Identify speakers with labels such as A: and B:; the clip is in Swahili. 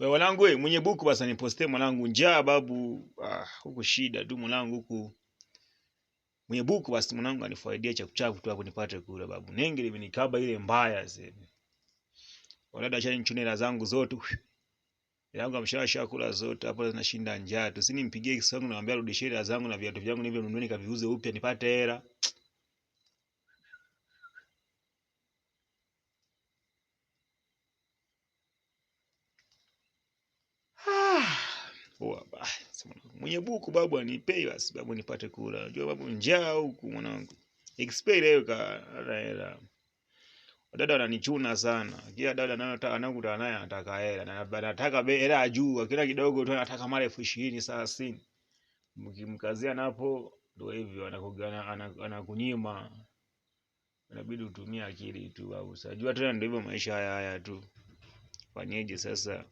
A: We mwanangu, we, eh, mwenye buku basi niposte mwanangu, njaa babu ah, huku shida tu mwanangu huku. Mwenye buku basi mwanangu anifaidia cha kuchafu tu hapo nipate kula babu. Nenge limenikaba ile mbaya sasa. Wala dacha nichunela zangu zote. Yangu amshawasha kula zote hapo zinashinda njaa tu. Sini mpigie kisangu naambia rudishie hela zangu na viatu vyangu nivyo mnunueni kaviuze upya nipate hela. poa. Mwenye buku babu anipei basi babu nipate kula. Unajua babu njaa huku mwanangu. Expire hiyo ka hela. Dada ananichuna sana. Kila dada anayotaka anakuta naye anataka hela. Na anataka bei hela juu. Kila kidogo tu anataka mara elfu ishirini thelathini. Mkimkazia napo ndio hivyo anakugana anakunyima. Inabidi utumie akili tu babu. Sasa jua tena ndio hivyo maisha haya haya tu. Fanyeje sasa?